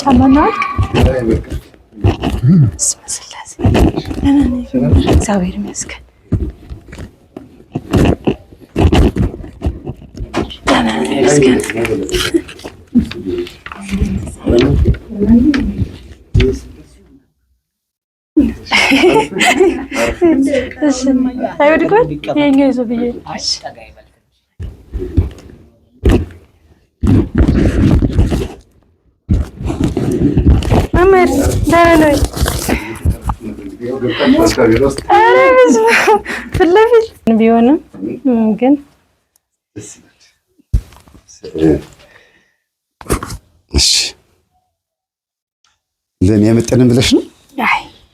ጫማና እግዚአብሔር ይመስገን። አይወድቆን የኛ ይዞ ብዬ መምህር ደህና ነህ? ፊት ለፊት ቢሆንም ግን ለእኔ ያመጠንን ብለሽ ነው?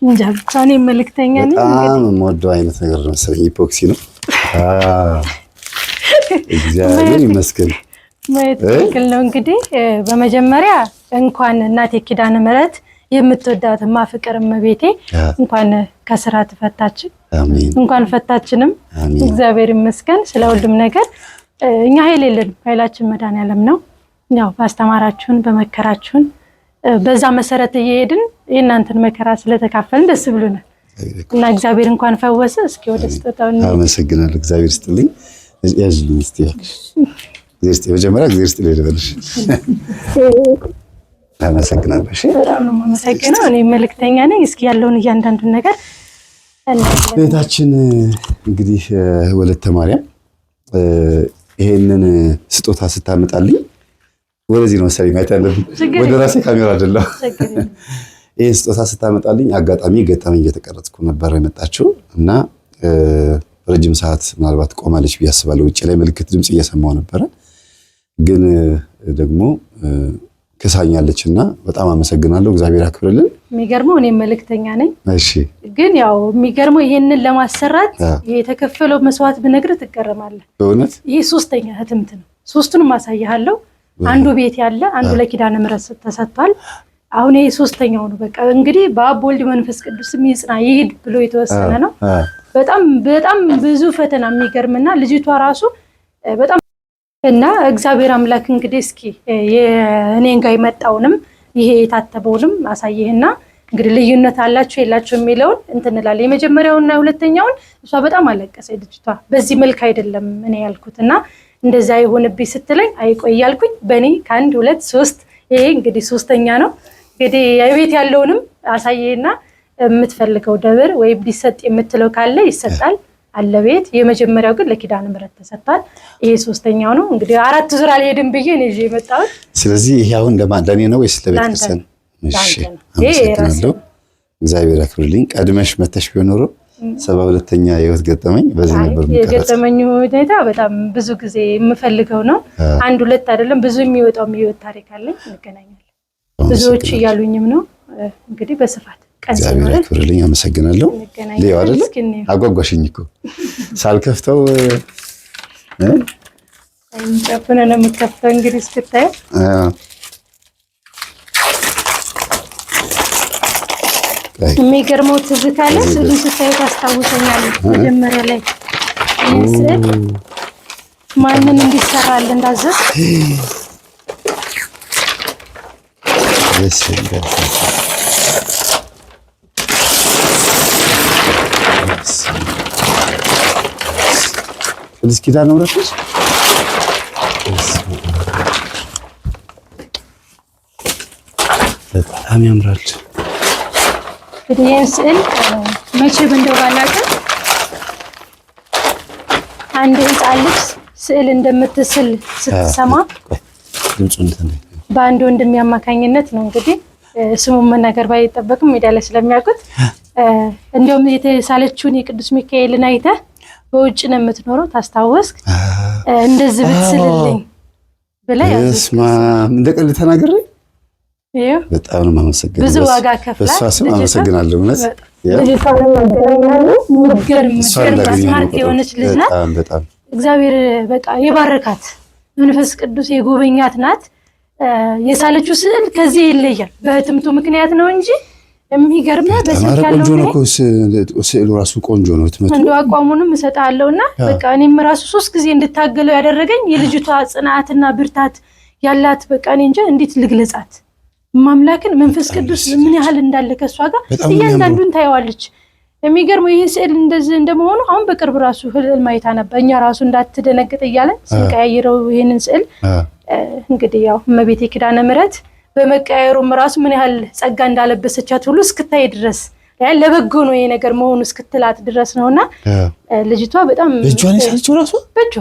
እንጃ ብቻ እኔም መልክተኛ ነኝ። በጣም የምወደው አይነት ነገር ነው መሰለኝ ኢፖክሲ ነው። እግዚአብሔር ይመስገን። ማየት ትክክል ነው። እንግዲህ በመጀመሪያ እንኳን እናቴ ኪዳነ ምሕረት የምትወዳት ማፍቀር እመቤቴ እንኳን ከስራ ትፈታችን እንኳን ፈታችንም እግዚአብሔር ይመስገን። ስለ ሁሉም ነገር እኛ ኃይል የለንም፣ ኃይላችን መድኃኔዓለም ነው። ያው በአስተማራችሁን በመከራችሁን በዛ መሰረት እየሄድን የእናንተን መከራ ስለተካፈልን ደስ ብሎናል እና እግዚአብሔር እንኳን ፈወሰ። እስኪ ወደ ስጠጣው አመሰግናለሁ። እግዚአብሔር ስጥልኝ ያዝልኝ ስ መጀመሪያ እግዚአብሔር ስጥልኝ ልበልሽ ታመሰግናለሁ። እሺ በጣም ነው የማመሰግነው። እኔ መልእክተኛ ነኝ። እስኪ ያለውን እያንዳንዱን ነገር ቤታችን እንግዲህ ወለተ ማርያም ይሄንን ስጦታ ስታመጣልኝ ወደዚህ ነው መሰለኝ ማየት ያለብኝ፣ ወደ ራሴ ካሜራ አይደለም። ይህን ስጦታ ስታመጣልኝ አጋጣሚ ገጠመኝ እየተቀረጽኩ ነበር የመጣችው እና ረጅም ሰዓት ምናልባት ቆማለች ብዬ አስባለሁ። ውጭ ላይ ምልክት ድምፅ እየሰማው ነበረ ግን ደግሞ ክሳኛለች እና በጣም አመሰግናለሁ። እግዚአብሔር አክብርልን። የሚገርመው እኔም መልእክተኛ ነኝ። እሺ። ግን ያው የሚገርመው ይሄንን ለማሰራት የተከፈለው መስዋዕት ብነግርህ ትገረማለህ። በእውነት ይህ ሶስተኛ ህትምት ነው። ሶስቱንም አሳይሃለሁ። አንዱ ቤት ያለ አንዱ ለኪዳነ ምሕረት ተሰጥቷል። አሁን ይሄ ሶስተኛው ነው። በቃ እንግዲህ በአብ ወልድ መንፈስ ቅዱስ ይጽና ይሄድ ብሎ የተወሰነ ነው። በጣም በጣም ብዙ ፈተና የሚገርምና ልጅቷ ራሱ በጣም እና እግዚአብሔር አምላክ እንግዲህ እስኪ እኔን ጋር የመጣውንም ይሄ የታተበውንም አሳይህና እንግዲህ ልዩነት አላቸው የላቸው የሚለውን እንትንላለ የመጀመሪያውንና ሁለተኛውን እሷ በጣም አለቀሰ ልጅቷ። በዚህ መልክ አይደለም እኔ ያልኩት እና እንደዛ የሆንብኝ ስትለኝ አይቆይ ያልኩኝ በእኔ ከአንድ ሁለት ሶስት፣ ይሄ እንግዲህ ሶስተኛ ነው። እንግዲህ የቤት ያለውንም አሳይህና የምትፈልገው ደብር ወይም ሊሰጥ የምትለው ካለ ይሰጣል። አለቤት የመጀመሪያው ግን ለኪዳነ ምሕረት ተሰጥቷል። ይሄ ሶስተኛው ነው። እንግዲህ አራት ዙር አልሄድም ብዬ ነው ይዤ የመጣሁት። ስለዚህ ይሄ አሁን ለእኔ ነው ወይስ እሺ፣ አመሰግናለሁ። እግዚአብሔር አክብርልኝ። ቀድመሽ መተሽ ቢሆን ሰባ ሁለተኛ የህይወት ገጠመኝ በዚህ ነበር የገጠመኝ ሁኔታ። በጣም ብዙ ጊዜ የምፈልገው ነው። አንድ ሁለት አይደለም ብዙ የሚወጣው የሚወት ታሪክ አለኝ። እንገናኛለን። ብዙዎች እያሉኝም ነው እንግዲህ በስፋት እግዚአብሔር ያክብርልኝ። አመሰግናለሁ። ሌው አይደለ አጓጓሽኝ እኮ ሳልከፍተው ጨፍነ ነው የምከፍተው። እንግዲህ እስክታየው የሚገርመው ትዝታ አለ። ስዕሉን ስታየው ታስታውሰኛለህ። መጀመሪያ ላይ ስዕል ማንን እንዲሰራል እንዳዘዝ ቅድስት ኪዳነ ምሕረት ነች። በጣም ያምራል። እንግዲህ ይህን ስዕል መቼም እንደው ባላውቅም አንድ ሕፃን ልጅ ስዕል እንደምትስል ስትሰማ በአንድ ወንድም አማካኝነት ነው እንግዲህ ስሙን መናገር ባይጠበቅም ሜዳ ላይ ስለሚያውቁት እንደውም የተሳለችውን የቅዱስ ሚካኤልን አይተህ በውጭ ነው የምትኖረው ታስታወስክ? እንደዚህ ብትስልልኝ ብለህ እንደ ቀልድ ተናግሬ በጣም ነው የማመሰግነው። ብዙ ዋጋ ከፍላ በእሷ ስም አመሰግናለሁ። እውነት ስማርት የሆነች ልጅ ናት። እግዚአብሔር በቃ የባረካት መንፈስ ቅዱስ የጎበኛት ናት። የሳለችው ስዕል ከዚህ ይለያል። በህትምቱ ምክንያት ነው እንጂ የሚገርምህ በስልክ ያለው ቆንጆ ነው እኮ ስዕሉ ራሱ ቆንጆ ነው። ትምህርት እንደው አቋሙንም እሰጥሃለሁ እና በቃ እኔም ራሱ ሶስት ጊዜ እንድታገለው ያደረገኝ የልጅቷ ጽናትና ብርታት ያላት በቃ እኔ እንጃ እንዴት ልግለጻት። ማምላክን መንፈስ ቅዱስ ምን ያህል እንዳለ ከእሷ ጋር እያንዳንዱን ታየዋለች። የሚገርመው ይህ ስዕል እንደዚህ እንደመሆኑ አሁን በቅርብ ራሱ ህልል አይታ ነበር። እኛ ራሱ እንዳትደነግጥ እያለን ስንቀያይረው ይህንን ስዕል እንግዲህ ያው እመቤቴ ኪዳነ ምሕረት በመቀያየሩም ራሱ ምን ያህል ጸጋ እንዳለበሰቻት ሁሉ እስክታይ ድረስ ለበጎ ነው ይሄ ነገር መሆኑ እስክትላት ድረስ ነው። እና ልጅቷ በጣም እጇን የሳለችው ራሱ በእጇ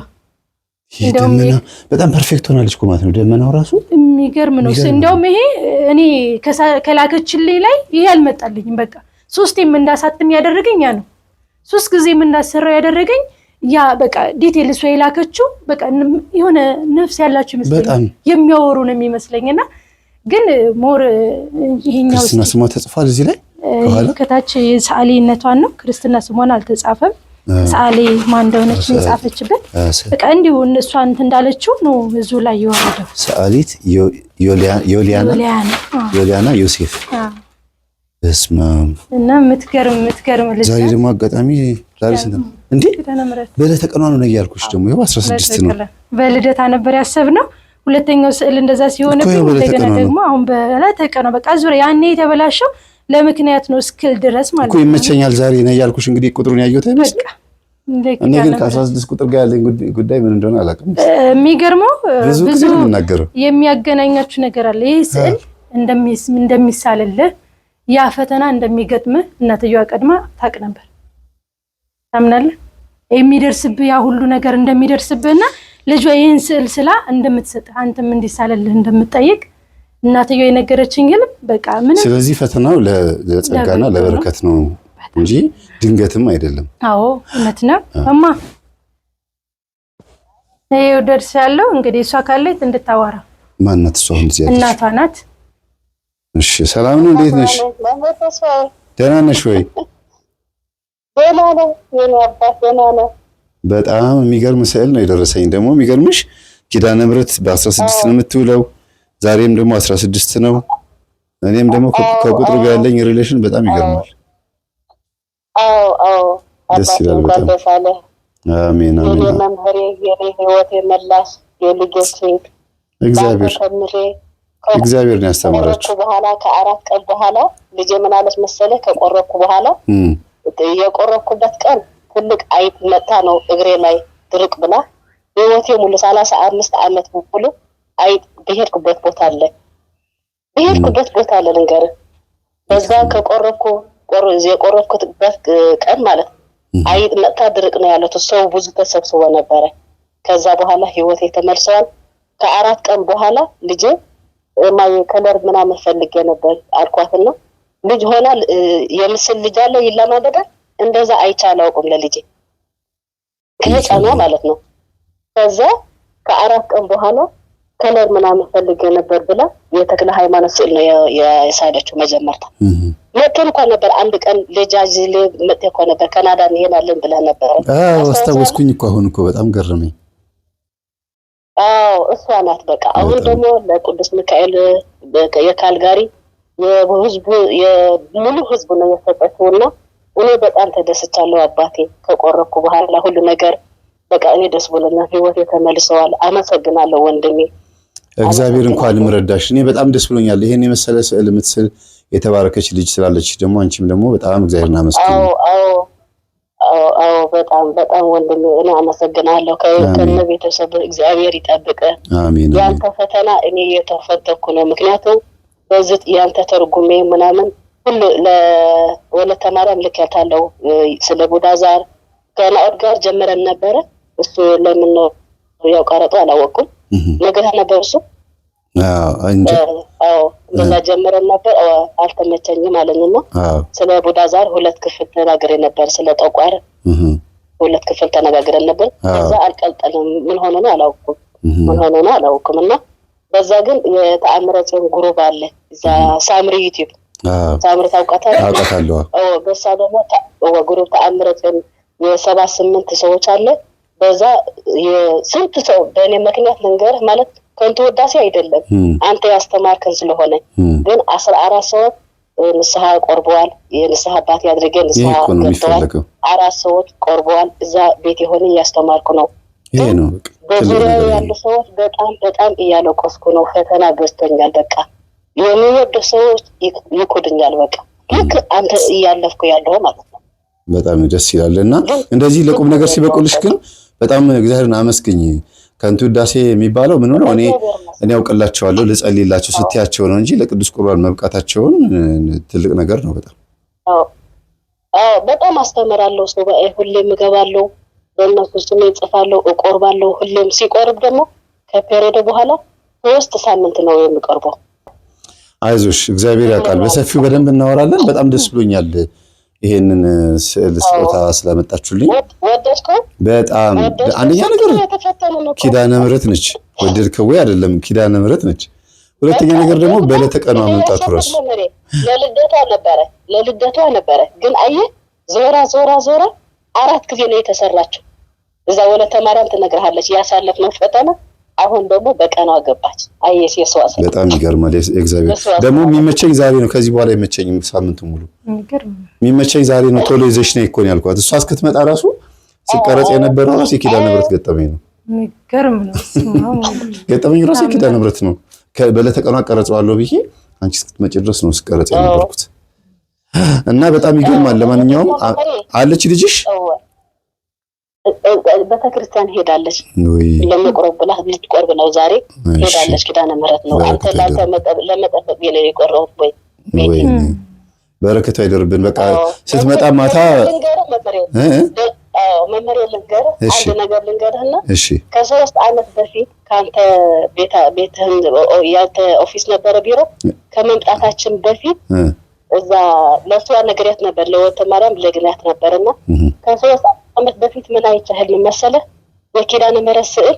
ደመና በጣም ፐርፌክት ሆናለች እኮ ማለት ነው። ደመናው ራሱ የሚገርም ነው። እንደውም ይሄ እኔ ከላከችልኝ ላይ ይሄ አልመጣልኝም። በቃ ሶስቴም እንዳሳትም ያደረገኝ ያ ነው። ሶስት ጊዜም እንዳሰራው ያደረገኝ ያ በቃ ዲቴልስ እሷ የላከችው በቃ የሆነ ነፍስ ያላቸው ይመስለኛል። የሚያወሩ ነው የሚመስለኝ እና ግን ሞር ይሄኛው ክርስትና ስሟ ተጽፏል እዚህ ላይ ከታች የሰዓሌነቷን ነው። ክርስትና ስሟን አልተጻፈም። ሰዓሌ ማን እንደሆነች የጻፈችበት በቃ እንዲሁ እሷ እንትን እንዳለችው ነው እዚሁ ላይ የወረደው። ሰዓሊት ዮሊያና ዮሴፍ እና ምትገርም ምትገርም ልጅ ዛሬ ደግሞ አጋጣሚ ዛሬ ስንት ነው እንዴ? በዕለተ ቀኗ ነው እያልኩሽ ደግሞ ይኸው አስራ ስድስት ነው። በልደታ ነበር ያሰብነው ሁለተኛው ስዕል እንደዛ ሲሆንብኝ እንደገና ደግሞ አሁን በላተቀ ነው በቃ ዙሪያ ያኔ የተበላሸው ለምክንያት ነው እስክል ድረስ ማለት ነው። ይመቸኛል ዛሬ ነው ያልኩሽ። እንግዲህ ቁጥሩን ያየሁት አይመስል እኔ ግን ከ16 ቁጥር ጋር ያለኝ ጉዳይ ምን እንደሆነ አላውቅም። የሚገርመው ብዙ የሚያገናኛችሁ ነገር አለ። ይህ ስዕል እንደሚሳልልህ ያ ፈተና እንደሚገጥምህ እናትየዋ ቀድማ ታውቅ ነበር። ታምናለህ? የሚደርስብህ ያ ሁሉ ነገር እንደሚደርስብህና ልጇ ይህን ስዕል ስላ እንደምትሰጥ አንተም እንዲሳለልህ እንደምትጠይቅ እናትየው የነገረችኝ ግን በቃ ምን። ስለዚህ ፈተናው ለጸጋና ለበረከት ነው እንጂ ድንገትም አይደለም። አዎ እውነት ነው እማ። ይኸው ያለው እንግዲህ እሷ ካለች እንድታዋራ ማናት? እሷ እናቷ ናት። እሺ፣ ሰላም ነው። እንዴት ነሽ? ደህና ነሽ ወይ? ደህና ነው። የኔ አባት ደህና ነው። በጣም የሚገርም ስዕል ነው የደረሰኝ። ደግሞ የሚገርምሽ ኪዳነ ምሕረት በ16 ነው የምትውለው። ዛሬም ደግሞ 16 ነው። እኔም ደግሞ ከቁጥር ጋር ያለኝ ሪሌሽን በጣም ይገርማል። ደስ ይላል በጣም አሜን አሜን። እግዚአብሔር እግዚአብሔር ነው ያስተማራችሁ። በኋላ ከአራት ቀን በኋላ ልጄ ምን አለች መሰለህ? ከቆረኩ በኋላ የቆረኩበት ቀን ትልቅ አይት መጣ ነው እግሬ ላይ ድርቅ ብላ ህይወቴ ሙሉ ሰላሳ አምስት አመት ሙሉ አይት ብሄድኩበት ቦታ አለ ብሄድኩበት ቦታ አለ ልንገር በዛ ከቆረብኩ የቆረብኩበት ቀን ማለት አይት መጥታ ድርቅ ነው ያለት። ሰው ብዙ ተሰብስቦ ነበረ። ከዛ በኋላ ህይወቴ ተመልሰዋል። ከአራት ቀን በኋላ ልጄ ማየ ከለር ምናምን ፈልጌ ነበር አልኳትና ልጅ ሆና የምስል ልጅ አለ ይለማመዳል እንደዛ አይቼ አላውቅም ለልጄ ከህፃኗ ማለት ነው። ከዛ ከአራት ቀን በኋላ ከለር ምናምን ፈልገ ነበር ብላ የተክለ ሃይማኖት ስዕል ነው የሳለችው። መጀመርታ መጥቶ እንኳ ነበር አንድ ቀን ልጃጅ መጥቶ እኮ ነበር ካናዳ እንሄዳለን ብላ ነበር። አስታወስኩኝ እኮ አሁን እኮ በጣም ገረመኝ። አዎ እሷ ናት። በቃ አሁን ደግሞ ለቅዱስ ሚካኤል የካልጋሪ የህዝቡ የሙሉ ህዝቡ ነው የሰጠችውና እኔ በጣም ተደስቻለሁ አባቴ። ከቆረኩ በኋላ ሁሉ ነገር በቃ እኔ ደስ ብሎኛል። ህይወቴ ተመልሰዋል። አመሰግናለሁ ወንድሜ። እግዚአብሔር እንኳን ልምረዳሽ። እኔ በጣም ደስ ብሎኛል። ይሄን የመሰለ ስዕል የምትስል የተባረከች ልጅ ስላለች ደግሞ አንቺም ደግሞ በጣም እግዚአብሔር እናመስግን። አዎ በጣም በጣም ወንድሜ እኔ አመሰግናለሁ። ከነ ቤተሰብ እግዚአብሔር ይጠብቀ። ያንተ ፈተና እኔ እየተፈተኩ ነው። ምክንያቱም በዚህ ያንተ ተርጉሜ ምናምን ሁሉ ለወለተ ማርያም ልኬያታለሁ። ስለ ቡዳዛር ከናኦድ ጋር ጀምረን ነበረ። እሱ ለምን ነው ያው ቀረጡ አላወቅኩም። ነግረህ ነበር እሱ እንደዛ ጀምረን ነበር። አልተመቸኝም አለኝና ስለ ቡዳዛር ሁለት ክፍል ተናግሬ ነበር። ስለ ጠቋር ሁለት ክፍል ተነጋግረን ነበር። ከዛ አልቀልጠልም። ምን ሆነ ነው አላውቅም። ምን ሆነ ነው አላውቅም። እና በዛ ግን የተአምረ ጽዮን ጉሩብ አለ እዛ ሳምሪ ዩቲዩብ ታምረት አውቃታለሁ። በሳ ደግሞ ግሩፕ ተአምረት የሰባ ስምንት ሰዎች አለ። በዛ ስንት ሰው በእኔ ምክንያት ልንገርህ ማለት ከንቱ ወዳሴ አይደለም አንተ ያስተማርከን ስለሆነ፣ ግን አስራ አራት ሰዎች ንስሐ ቆርበዋል። የንስሐ አባት ያድርገ ንስሐ ገብተዋል። አራት ሰዎች ቆርበዋል። እዛ ቤት የሆነ እያስተማርኩ ነው። በዙሪያ ያሉ ሰዎች በጣም በጣም እያለቆስኩ ነው። ፈተና ገዝቶኛል። በቃ የሚወዱ ሰዎች ይኮድኛል። በቃ ልክ አንተ እያለፍኩ ያለው ማለት ነው። በጣም ደስ ይላል። እና እንደዚህ ለቁም ነገር ሲበቁልሽ ግን በጣም እግዚአብሔርን አመስግኝ። ከንቱ ውዳሴ የሚባለው ምን ሆነው እኔ እኔ አውቅላቸዋለሁ ልጸልላቸው ስትያቸው ነው እንጂ ለቅዱስ ቁርባን መብቃታቸውን ትልቅ ነገር ነው። በጣም አዎ፣ በጣም አስተምራለሁ። ሱባኤ ሁሌም እገባለሁ፣ በእነሱ ስም እጽፋለሁ፣ እቆርባለሁ። ሁሌም ሲቆርብ ደግሞ ከፔሬድ በኋላ ሶስት ሳምንት ነው የሚቀርበው። አይዞሽ፣ እግዚአብሔር ያውቃል። በሰፊው በደንብ እናወራለን። በጣም ደስ ብሎኛል ይሄንን ስዕል ስጦታ ስለመጣችሁልኝ በጣም አንደኛ ነገር ኪዳነ ምሕረት ነች። ወደድከው ወይ አይደለም፣ ኪዳነ ምሕረት ነች። ሁለተኛ ነገር ደግሞ በዕለተ ቀኗ መምጣቱ ራሱ ለልደቷ ነበረ ለልደቷ ነበረ። ግን አየህ ዞራ ዞራ ዞራ አራት ጊዜ ነው የተሰራችው። እዛ ወለተ ማርያም ትነግርሃለች ያሳለፍነው ፈተና አሁን ደግሞ በቀኗ ገባች። አየሽ የሰዋሰ በጣም ይገርማል። እግዚአብሔር ደግሞ የሚመቸኝ ዛሬ ነው። ከዚህ በኋላ የመቸኝ ሳምንቱ ሙሉ የሚመቸኝ ዛሬ ነው። ቶሎ ይዘሽ ነይ እኮ ነው ያልኳት። እሷ እስክትመጣ ራሱ ሲቀረጽ የነበረው ራሱ የኪዳነ ምሕረት ገጠመኝ ነው። ገጠመኝ ራሱ የኪዳነ ምሕረት ነው። በዕለተ ቀኗ ቀረጸዋለሁ ብዬ አንቺ እስክትመጪ ድረስ ነው ስቀረጽ የነበርኩት እና በጣም ይገርማል። ለማንኛውም አለች ልጅሽ ቤተክርስቲያን ሄዳለች ለመቁረብ ብላ ልትቆርብ ነው። ዛሬ ሄዳለች። ኪዳነ ምሕረት ነው። አንተ ለአንተ ለመጠበቅ የለው የቆረቡት ወይ በረከቱ አይደርብን። በቃ ስትመጣ ማታ መመሪያ ልንገር፣ አንድ ነገር ልንገርህና ከሶስት ዓመት በፊት ከአንተ ቤትህን ያንተ ኦፊስ ነበረ ቢሮ ከመምጣታችን በፊት እዛ ለእሷ ነግሬያት ነበር፣ ለወተ ማርያም ለግንያት ነበርና ከሶስት አመት በፊት ምን አይቻህልኝ መሰለህ የኪዳነ ምሕረት ስዕል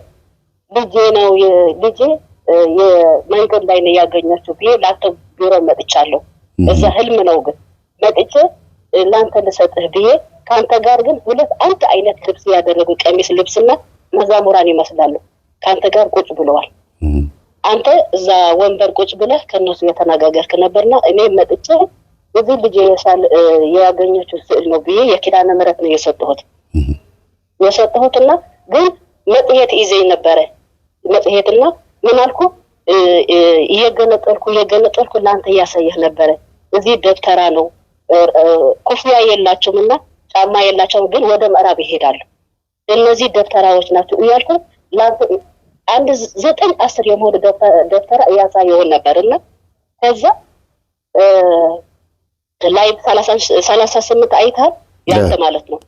ልጄ ነው ልጄ የመንገድ ላይ ነው ያገኘችው ብዬ ላንተ ቢሮ መጥቻለሁ። እዛ ህልም ነው ግን መጥቼ ላንተ ልሰጥህ ብዬ ከአንተ ጋር ግን ሁለት አንድ አይነት ልብስ ያደረጉ ቀሚስ ልብስና መዛሙራን ይመስላሉ ከአንተ ጋር ቁጭ ብለዋል። አንተ እዛ ወንበር ቁጭ ብለህ ከእነሱ የተነጋገርክ ነበርና እኔ መጥቼ እዚህ ልጅ ያገኘችው ስዕል ነው ብዬ የኪዳነ ምሕረት ነው የሰጠሁት። የሰጠሁትና ግን መጽሔት ይዘኝ ነበረ። መጽሔትና ምን አልኩ እየገነጠልኩ እየገነጠልኩ ለአንተ እያሳየህ ነበረ። እዚህ ደብተራ ነው፣ ኮፍያ የላቸውም እና ጫማ የላቸውም፣ ግን ወደ ምዕራብ ይሄዳሉ። እነዚህ ደብተራዎች ናቸው እያልኩ አንድ ዘጠኝ አስር የመሆኑ ደብተራ እያሳየውን ነበር እና ከዛ ላይ ሰላሳ ስምንት አይታል ያንተ ማለት ነው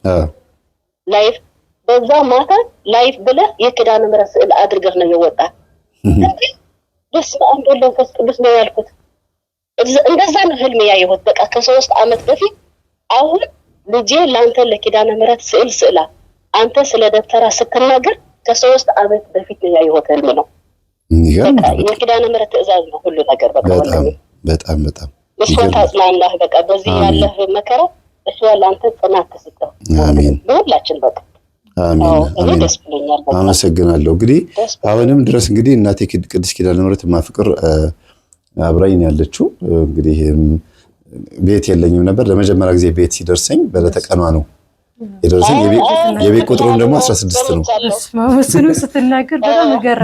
ላይፍ በዛ ማታ ላይፍ ብለህ የኪዳነ ምሕረት ስዕል አድርገህ ነው የወጣ። ደስ በአንድ ወልድ መንፈስ ቅዱስ ነው ያልኩት። እንደዛ ነው ህልም ያየሁት። በቃ ከሶስት አመት በፊት አሁን ልጄ ለአንተ ለኪዳነ ምሕረት ስዕል ስዕላ አንተ ስለ ደብተራ ስትናገር ከሶስት አመት በፊት ነው ያየሁት ህልም ነው። የኪዳነ ምሕረት ትእዛዝ ነው ሁሉ ነገር። በቃ በጣም በጣም እሷን ታጽናናህ። በቃ በዚህ ያለህ መከራ እሱ ለአንተ አንተ ተሰጠው። አሜን። በሁላችን በቃ አሜን። አመሰግናለሁ። እንግዲህ አሁንም ድረስ እንግዲህ እናቴ ቅድስት ኪዳነ ምሕረት ማፍቅር አብራኝ ያለችው እንግዲህ ቤት የለኝም ነበር። ለመጀመሪያ ጊዜ ቤት ሲደርሰኝ በለተቀኗ ነው የደረሰኝ። የቤት ቁጥሩም ደግሞ 16 ነው። እሱንም ስትናገር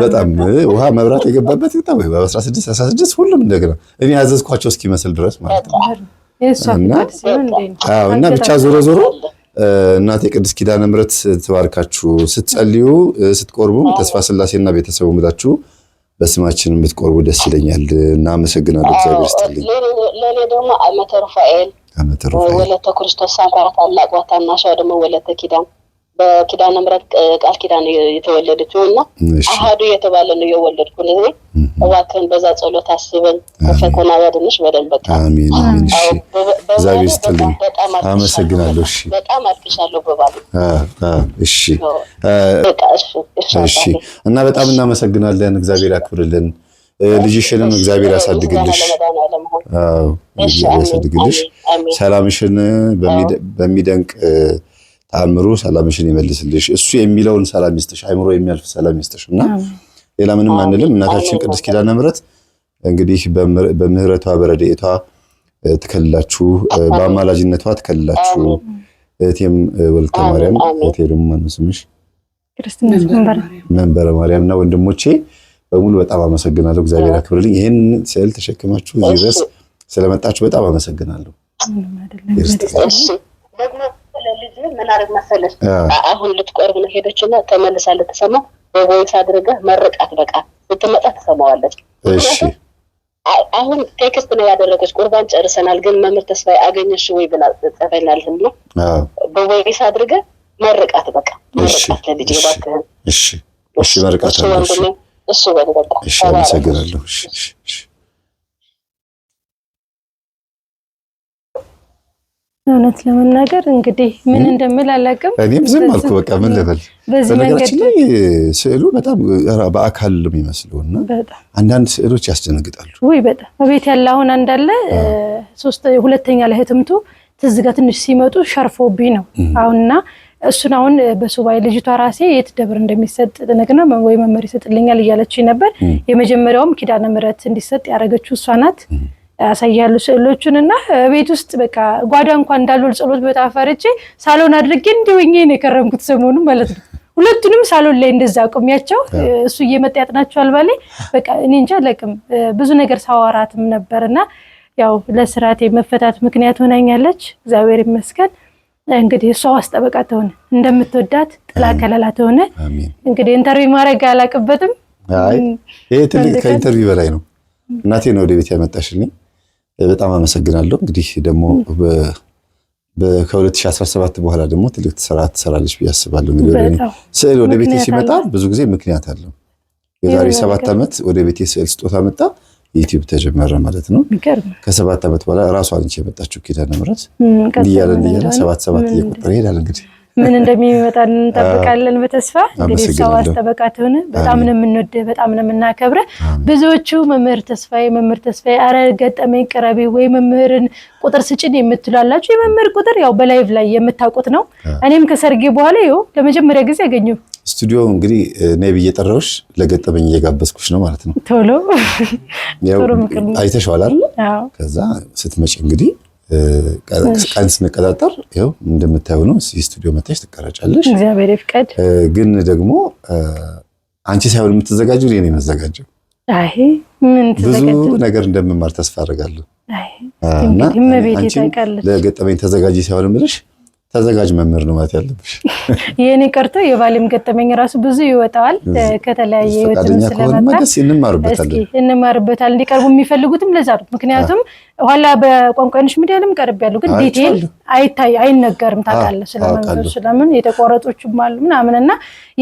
በጣም ውሃ መብራት የገባበት በጣም 16 16 ሁሉም እንደገና እኔ ያዘዝኳቸው እስኪመስል ድረስ ማለት ነው። እና ብቻ ዞሮ ዞሮ እናቴ ቅድስት ኪዳነ ምሕረት ትባርካችሁ። ስትጸልዩ ስትቆርቡም ተስፋ ስላሴና ቤተሰቡ ብላችሁ በስማችን የምትቆርቡ ደስ ይለኛል። እናመሰግናለሁ። እግዚአብሔር ይስጥልኝ። ለእኔ ደግሞ አመተ ሩፋኤል አመተ ሩፋኤል፣ ወለተ ክርስቶስ ሳንኳራ ታላቅ ታናሿ ደግሞ ወለተ ኪዳን በኪዳነ ምሕረት ቃል ኪዳን የተወለደችው እና አሃዱ የተባለ ነው የወለድኩ እባክህን በዛ ጸሎት አስበን ከፈተና ያድንሽ። በደንብ በቃ አሜን አሜን። እሺ እግዚአብሔር ይስጥልኝ፣ አመሰግናለሁ። እሺ በጣም አልቅሻለሁ በባል እሺ እሺ። እና በጣም እናመሰግናለን። እግዚአብሔር ያክብርልን። ልጅሽንም እግዚአብሔር ያሳድግልሽ። አዎ እግዚአብሔር ያሳድግልሽ። ሰላምሽን በሚደንቅ ተአምሩ ሰላምሽን ይመልስልሽ። እሱ የሚለውን ሰላም ይስጥሽ። አይምሮ የሚያልፍ ሰላም ይስጥሽ እና ሌላ ምንም አንልም። እናታችን ቅድስት ኪዳነ ምሕረት እንግዲህ በምህረቷ በረድኤቷ ትከልላችሁ፣ በአማላጅነቷ ትከልላችሁ። እህቴም ወልተ ማርያም እህቴ ደግሞ ማነው ስምሽ? መንበረ ማርያም እና ወንድሞቼ በሙሉ በጣም አመሰግናለሁ። እግዚአብሔር አክብርልኝ። ይህን ስዕል ተሸክማችሁ እዚህ ድረስ ስለመጣችሁ በጣም አመሰግናለሁ። ደግሞ ለልጅ ምን አደረግ መሰለሽ፣ አሁን ልትቆርብ ነው ሄደች ሄደችና ተመልሳለ ተሰማ በቮይስ አድርገህ መርቃት በቃ ስትመጣ ትሰማዋለች። አሁን ቴክስት ነው ያደረገች። ቁርባን ጨርሰናል፣ ግን መምህር ተስፋዬ አገኘሽ ወይ ብላ ጸፈላልህ ብሎ በቮይስ አድርገ መርቃት በቃ መርቃት ለልጄ እባክህን። እሺ፣ እሺ፣ መርቃት እሱ በቃ እሺ። አመሰግናለሁ። እሺ፣ እሺ እውነት ለመናገር እንግዲህ ምን እንደምል አላውቅም። እኔም ዝም አልኩ። በቃ ምን ልበል። በነገራችን ላይ ስዕሉ በጣም በአካል ነው የሚመስለው እና አንዳንድ ስዕሎች ያስደነግጣሉ። ውይ በጣም በቤት ያለ አሁን አንዳለ ሁለተኛ ላይ ህትምቱ ትዝ ጋ ትንሽ ሲመጡ ሸርፎብኝ ነው አሁንና እሱን አሁን በሱባኤ ልጅቷ ራሴ የት ደብር እንደሚሰጥ ነገና ወይ መምህር ይሰጥልኛል እያለች ነበር። የመጀመሪያውም ኪዳነ ምሕረት እንዲሰጥ ያደረገችው እሷ ናት። ያሳያሉ ስዕሎቹን እና ቤት ውስጥ በቃ ጓዳ እንኳን እንዳልወል ጸሎት በጣም ሳሎን አድርጌ እንዲወኝ ነው የከረምኩት ሰሞኑ ማለት ነው። ሁለቱንም ሳሎን ላይ እንደዛ አቁሚያቸው እሱ እየመጣ ያጥናቸዋል ባሌ በቃ እኔ እንጃ አለቅም ብዙ ነገር ሳዋራትም ነበር እና ያው ለስርዓቴ መፈታት ምክንያት ሆናኛለች። እግዚአብሔር ይመስገን። እንግዲህ እሷ አስጠበቃ ተሆነ እንደምትወዳት ጥላ ከለላ ተሆነ እንግዲህ ኢንተርቪው ማድረግ አላቅበትም። ይሄ ትልቅ ከኢንተርቪው በላይ ነው። እናቴ ነው ወደ ቤት ያመጣሽልኝ። በጣም አመሰግናለሁ። እንግዲህ ደግሞ ከ2017 በኋላ ደግሞ ትልቅ ስራ ትሰራለች ብዬ አስባለሁ። እንግዲህ ስዕል ወደ ቤቴ ሲመጣ ብዙ ጊዜ ምክንያት አለው። የዛሬ ሰባት ዓመት ወደ ቤቴ ስዕል ስጦታ መጣ፣ ዩቲዩብ ተጀመረ ማለት ነው። ከሰባት ዓመት በኋላ ራሷ አንቺ የመጣችው ኪዳነ ምሕረት እንዲያለ እንዲያለ ሰባት ሰባት እየቆጠረ ይሄዳል እንግዲህ ምን እንደሚመጣ እንጠብቃለን በተስፋ እንግዲህ። ሰው አስጠበቃ ትሆነ። በጣም ነው የምንወደ፣ በጣም ነው የምናከብረ። ብዙዎቹ መምህር ተስፋዬ መምህር ተስፋዬ አረ ገጠመኝ ቅረቤ ወይ መምህርን ቁጥር ስጭን የምትላላችሁ የመምህር ቁጥር ያው በላይቭ ላይ የምታውቁት ነው። እኔም ከሰርጌ በኋላ ይኸው ለመጀመሪያ ጊዜ ያገኘሁ ስቱዲዮ እንግዲህ እኔ ብዬ ጠራሁሽ፣ ለገጠመኝ እየጋበዝኩሽ ነው ማለት ነው። ቶሎ አይተሸዋላል ከዛ ስትመጪ እንግዲህ ቀን ስንቀጣጠር ይኸው እንደምታየው ነው። እዚህ ስቱዲዮ መታች ትቀረጫለች። እግዚአብሔር ይፍቀድ። ግን ደግሞ አንቺ ሳይሆን የምትዘጋጀው እኔ ነው የምዘጋጀው። ብዙ ነገር እንደምማር ተስፋ አድርጋለሁ እና ለገጠመኝ ተዘጋጅ ሳይሆን የምልሽ ተዘጋጅ መምህር ነው ማለት ያለብሽ። የእኔ ቀርቶ የባሌም ገጠመኝ ራሱ ብዙ ይወጣዋል። ከተለያየ ህይወትም ስለመጣል እንማርበታለን እንማርበታል። እንዲቀርቡ የሚፈልጉትም ለዛ ነው። ምክንያቱም ኋላ በቋንቋንሽ ሚዲያልም ቀርብ ያሉ ግን ዲቴል አይታይ አይነገርም። ታውቃለህ ስለመምህር ስለምን የተቆረጦችም አሉ ምናምን እና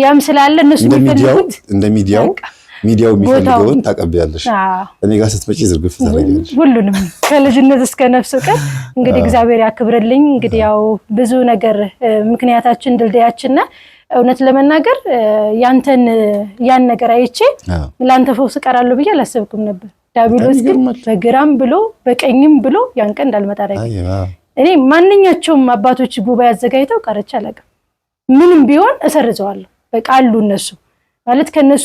ያም ስላለ እነሱ የሚፈልጉት እንደ ሚዲያው ሚዲያው የሚፈልገውን ታቀብያለሽ። እኔ ጋር ስትመጪ ዝርግፍ ታደርጊያለሽ። ሁሉንም ከልጅነት እስከ ነፍስ ቀን እንግዲህ እግዚአብሔር ያክብርልኝ። እንግዲህ ያው ብዙ ነገር ምክንያታችን ድልድያችንና እውነት ለመናገር ያንተን ያን ነገር አይቼ ለአንተ ፈውስ እቀራለሁ ብዬ አላሰብኩም ነበር። ዳቢሎስ ግን በግራም ብሎ በቀኝም ብሎ ያን ቀን እንዳልመጣ አደረገኝ። እኔ ማንኛቸውም አባቶች ጉባኤ አዘጋጅተው ቀርቼ አላውቅም። ምንም ቢሆን እሰርዘዋለሁ። በቃ አሉ እነሱ ማለት ከነሱ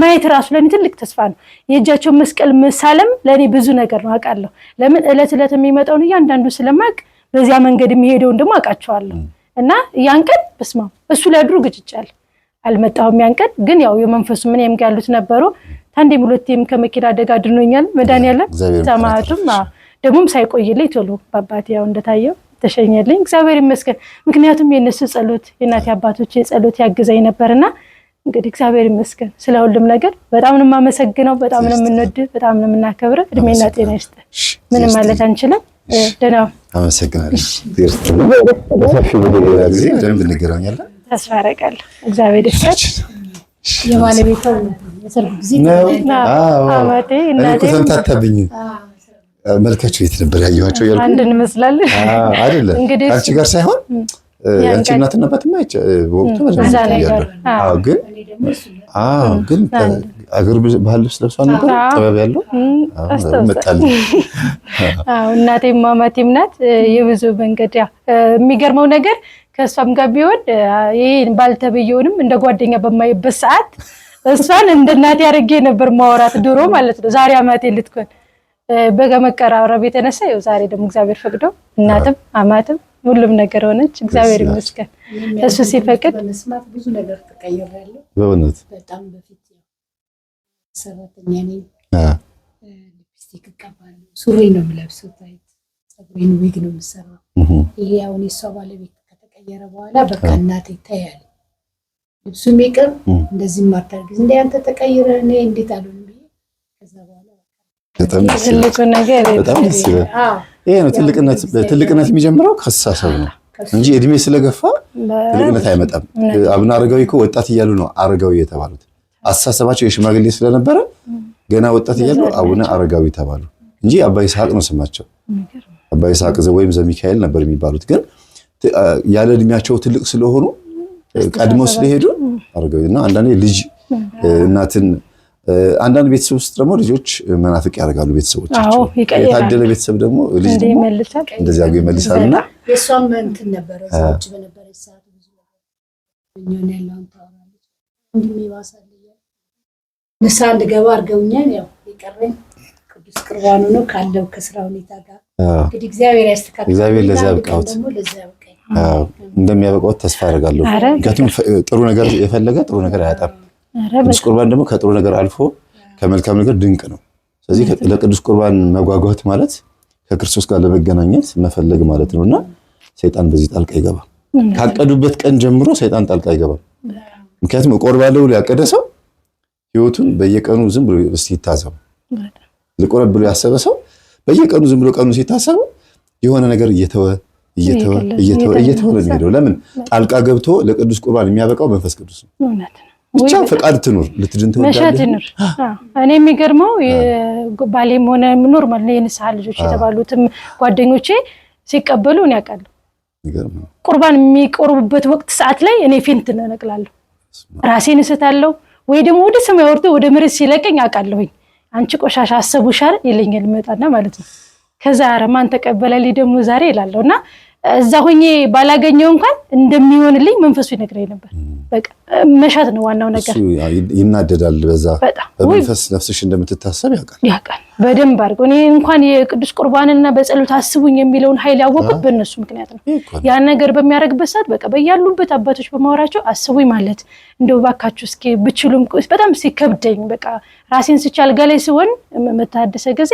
ማየት ራሱ ለእኔ ትልቅ ተስፋ ነው። የእጃቸው መስቀል መሳለም ለእኔ ብዙ ነገር ነው አውቃለሁ። ለምን እለት እለት የሚመጣውን እያንዳንዱ ስለማቅ በዚያ መንገድ የሚሄደውን ደግሞ አውቃቸዋለሁ። እና ያን ቀን በስማ እሱ ላይ ግጭጫል አልመጣሁም። ያን ቀን ግን ያው የመንፈሱ ምን የምጋ ያሉት ነበሩ። ታንዴም ሁለቴም ከመኪና አደጋ ድኖኛል። መድኃኒዓለም ሰማዕቱም ደግሞም ሳይቆይልኝ ቶሎ በአባቴ ያው እንደታየው ተሸኘልኝ። እግዚአብሔር ይመስገን። ምክንያቱም የእነሱ ጸሎት የእናቴ አባቶች የጸሎት ያግዘኝ ነበርና እንግዲህ እግዚአብሔር ይመስገን ስለ ሁሉም ነገር። በጣም ነው የማመሰግነው። በጣም ነው የምንወድህ፣ በጣም ነው የምናከብረህ። እድሜና ጤና ይስጥህ። ምንም ማለት አንችልም። ደህና አመሰግናለሁ። ተስፋ አደርጋለሁ። እግዚአብሔር ደስታች የባለቤቷ የሰርጉ ጊዜ አማቴ እናቴ ተምታታብኝ መልካቸው የት ነበር ያየኋቸው? ያልኩ አንድ እንመስላለን አይደለ? እንግዲህ አንቺ ጋር ሳይሆን አንቺ እናትና ማይቻ ወቅቱ ግን ግን አገር ባህል ልብስ ነበር። ጥበብ ያለው እናቴም ማማቴም ናት። የብዙ መንገድ ያ የሚገርመው ነገር ከእሷም ጋር ቢሆን ይሄ ባልተበየውንም እንደ ጓደኛ በማይበት ሰዓት እሷን እንደ እናቴ አድርጌ ነበር ማወራት ድሮ ማለት ነው። ዛሬ አማቴ ልትኮን በመቀራረብ የተነሳ ው ዛሬ ደግሞ እግዚአብሔር ፈቅደው እናትም አማትም ሁሉም ነገር ሆነች። እግዚአብሔር ይመስገን። እሱ ሲፈቅድ በመስማት ብዙ ነገር ተቀይሬያለሁ። በእውነት በጣም በፊት ሰራተኛ ነኝ። ሊፕስቲክ እቀባለሁ፣ ሱሪ ነው የምለብሰው፣ ታይት ጸጉሬን ዊግ ነው የምሰራው። ይሄ አሁን የሷ ባለቤት ከተቀየረ በኋላ በቃ እናቴ ይታያል፣ ልብሱም ይቅር እንደዚህ ማታርግ እንደ አንተ ተቀይረ እኔ እንዴት አሉ። ከዛ በኋላ በጣም ደስ ይላል። ይሄ ነው ትልቅነት። ትልቅነት የሚጀምረው ከአስተሳሰብ ነው እንጂ እድሜ ስለገፋ ትልቅነት አይመጣም። አቡነ አረጋዊ እኮ ወጣት እያሉ ነው አረጋዊ የተባሉት። አስተሳሰባቸው የሽማግሌ ስለነበረ ገና ወጣት እያሉ አቡነ አረጋዊ ተባሉ እንጂ አባ ይስሐቅ ነው ስማቸው። አባ ይስሐቅ ወይም ዘሚካኤል ነበር የሚባሉት። ግን ያለ እድሜያቸው ትልቅ ስለሆኑ ቀድመው ስለሄዱ አረጋዊ እና አንዳንዴ ልጅ እናትን አንዳንድ ቤተሰብ ውስጥ ደግሞ ልጆች መናፍቅ ያደርጋሉ ቤተሰቦቻቸው። የታደለ ቤተሰብ ደግሞ ልጅ ደግሞ እንደዚህ አድርጎ ይመልሳል እና ንስሓ እንድገባ አድርገውኛል። ያው የቀረኝ ቅዱስ ቅርባኑ ነው ካለው ከስራ ሁኔታ ጋር እንግዲህ እግዚአብሔር ያስተካክል። እግዚአብሔር ለዚያ ያብቃዎት እንደሚያበቃዎት ተስፋ አደርጋለሁ። ምክንያቱም ጥሩ ነገር የፈለገ ጥሩ ነገር አያጣም። ቅዱስ ቁርባን ደግሞ ከጥሩ ነገር አልፎ ከመልካም ነገር ድንቅ ነው። ስለዚህ ለቅዱስ ቁርባን መጓጓት ማለት ከክርስቶስ ጋር ለመገናኘት መፈለግ ማለት ነው እና ሰይጣን በዚህ ጣልቃ ይገባል። ካቀዱበት ቀን ጀምሮ ሰይጣን ጣልቃ ይገባል። ምክንያቱም እቆርባለሁ ብሎ ያቀደ ሰው ህይወቱን በየቀኑ ዝም ብሎ እስቲ ልቆረብ ብሎ ያሰበ ሰው በየቀኑ ዝም ብሎ ቀኑ ሲታሰቡ የሆነ ነገር እየተወ እየተወ እየተወ እየተወ ነው የሚሄደው። ለምን ጣልቃ ገብቶ ለቅዱስ ቁርባን የሚያበቃው መንፈስ ቅዱስ ነው። ብቻ ፈቃድ ትኑር፣ ልትድን ትወዳለህ። ትኑር። እኔ የሚገርመው ባሌም ሆነ ኖርማል የንስሐ ልጆች የተባሉትም ጓደኞቼ ሲቀበሉ እኔ አውቃለሁ። ቁርባን የሚቆርቡበት ወቅት ሰዓት ላይ እኔ ፊንት እነቅላለሁ፣ ራሴን እስታለሁ፣ ወይ ደግሞ ወደ ሰማይ ወርዶ ወደ መሬት ሲለቀኝ አውቃለሁኝ። አንቺ ቆሻሻ አሰቡሻር ይለኛል፣ ይመጣና ማለት ነው። ከዛ ኧረ ማን ተቀበለልኝ ደግሞ ዛሬ ይላለሁ እና እዛ ሆኜ ባላገኘው እንኳን እንደሚሆንልኝ መንፈሱ ይነግረኝ ነበር። መሻት ነው ዋናው ነገር። ይናደዳል በዛ በመንፈስ ነፍስሽ እንደምትታሰብ ያውቃል ያውቃል በደንብ አድርጎ። እኔ እንኳን የቅዱስ ቁርባንና በጸሎት አስቡኝ የሚለውን ኃይል ያወቁት በእነሱ ምክንያት ነው። ያን ነገር በሚያደርግበት ሰዓት በቃ በያሉበት አባቶች በማወራቸው አስቡኝ ማለት እንደው ባካችሁ እስኪ ብችሉም በጣም ሲከብደኝ በቃ ራሴን ስቻል ገላይ ሲሆን መታደሰ ጊዜ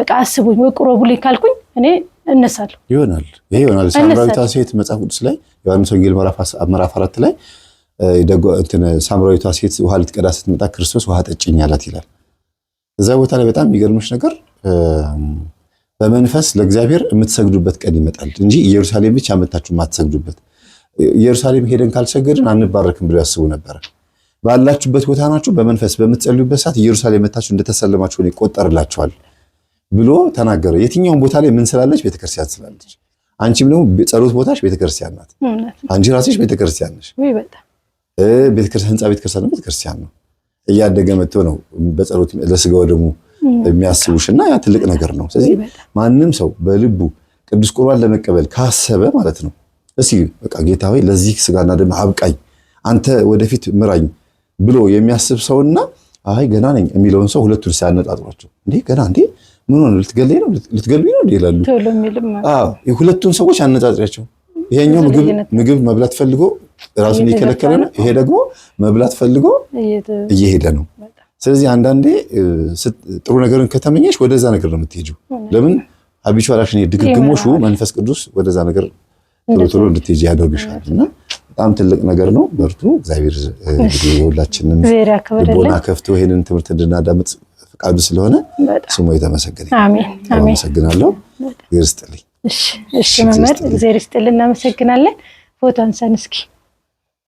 በቃ አስቡኝ ወይ ቁረቡልኝ ካልኩኝ እኔ እነሳለሁ ይሆናል። ይሄ ይሆናል። ሳምራዊቷ ሴት መጽሐፍ ቅዱስ ላይ ዮሐንስ ወንጌል ምዕራፍ አራት ላይ ሳምራዊቷ ሴት ውሃ ልትቀዳ ስትመጣ ክርስቶስ ውሃ ጠጭኝ አላት ይላል። እዛ ቦታ ላይ በጣም የሚገርምሽ ነገር በመንፈስ ለእግዚአብሔር የምትሰግዱበት ቀን ይመጣል እንጂ ኢየሩሳሌም ብቻ መታችሁ የማትሰግዱበት። ኢየሩሳሌም ሄደን ካልሰገድን አንባረክም ብሎ ያስቡ ነበረ። ባላችሁበት ቦታ ናችሁ፣ በመንፈስ በምትጸልዩበት ሰዓት ኢየሩሳሌም መታችሁ እንደተሰለማችሁ ይቆጠርላችኋል። ብሎ ተናገረ። የትኛውን ቦታ ላይ ምን ስላለች? ቤተክርስቲያን ስላለች። አንቺም ደግሞ ጸሎት ቦታሽ ቤተክርስቲያን ናት። አንቺ ራስሽ ቤተክርስቲያን ነሽ። ቤተክርስቲያን ህንፃ ቤተክርስቲያን ነው፣ ቤተክርስቲያን ነው። እያደገ መጥቶ ነው በጸሎት ለስጋው ደግሞ የሚያስቡሽ እና ያ ትልቅ ነገር ነው። ስለዚህ ማንም ሰው በልቡ ቅዱስ ቁርባን ለመቀበል ካሰበ ማለት ነው እስኪ በቃ ጌታ ሆይ ለዚህ ስጋና ደም አብቃኝ፣ አንተ ወደፊት ምራኝ ብሎ የሚያስብ ሰውና አይ ገና ነኝ የሚለውን ሰው ሁለቱን ሲያነጣጥሯቸው እንዴ ገና እንዴ ምን ሆነ? ልትገለኝ ነው? ልትገሉኝ ነው ይላሉ። የሁለቱን ሰዎች አነጻጽሪያቸው፣ ይሄኛው ምግብ መብላት ፈልጎ ራሱን እየከለከለ ነው፣ ይሄ ደግሞ መብላት ፈልጎ እየሄደ ነው። ስለዚህ አንዳንዴ ጥሩ ነገርን ከተመኘሽ ወደዛ ነገር ነው የምትሄጂው። ለምን ሀቢቹዋል አክሽን ድግግሞሹ መንፈስ ቅዱስ ወደዛ ነገር ቶሎ ቶሎ እንድትሄጂ ያደርግሻል እና በጣም ትልቅ ነገር ነው። በርቱ። እግዚአብሔር ሁላችንን ልቦና ከፍቶ ይሄንን ትምህርት እንድናዳምጥ ፈቃዱ ስለሆነ ስሙ የተመሰገነ። አመሰግናለሁ። ይርስጥልኝ። እሺ መምህር፣ እግዚአብሔር ይስጥልን። እናመሰግናለን። ፎቶ አንሳን እስኪ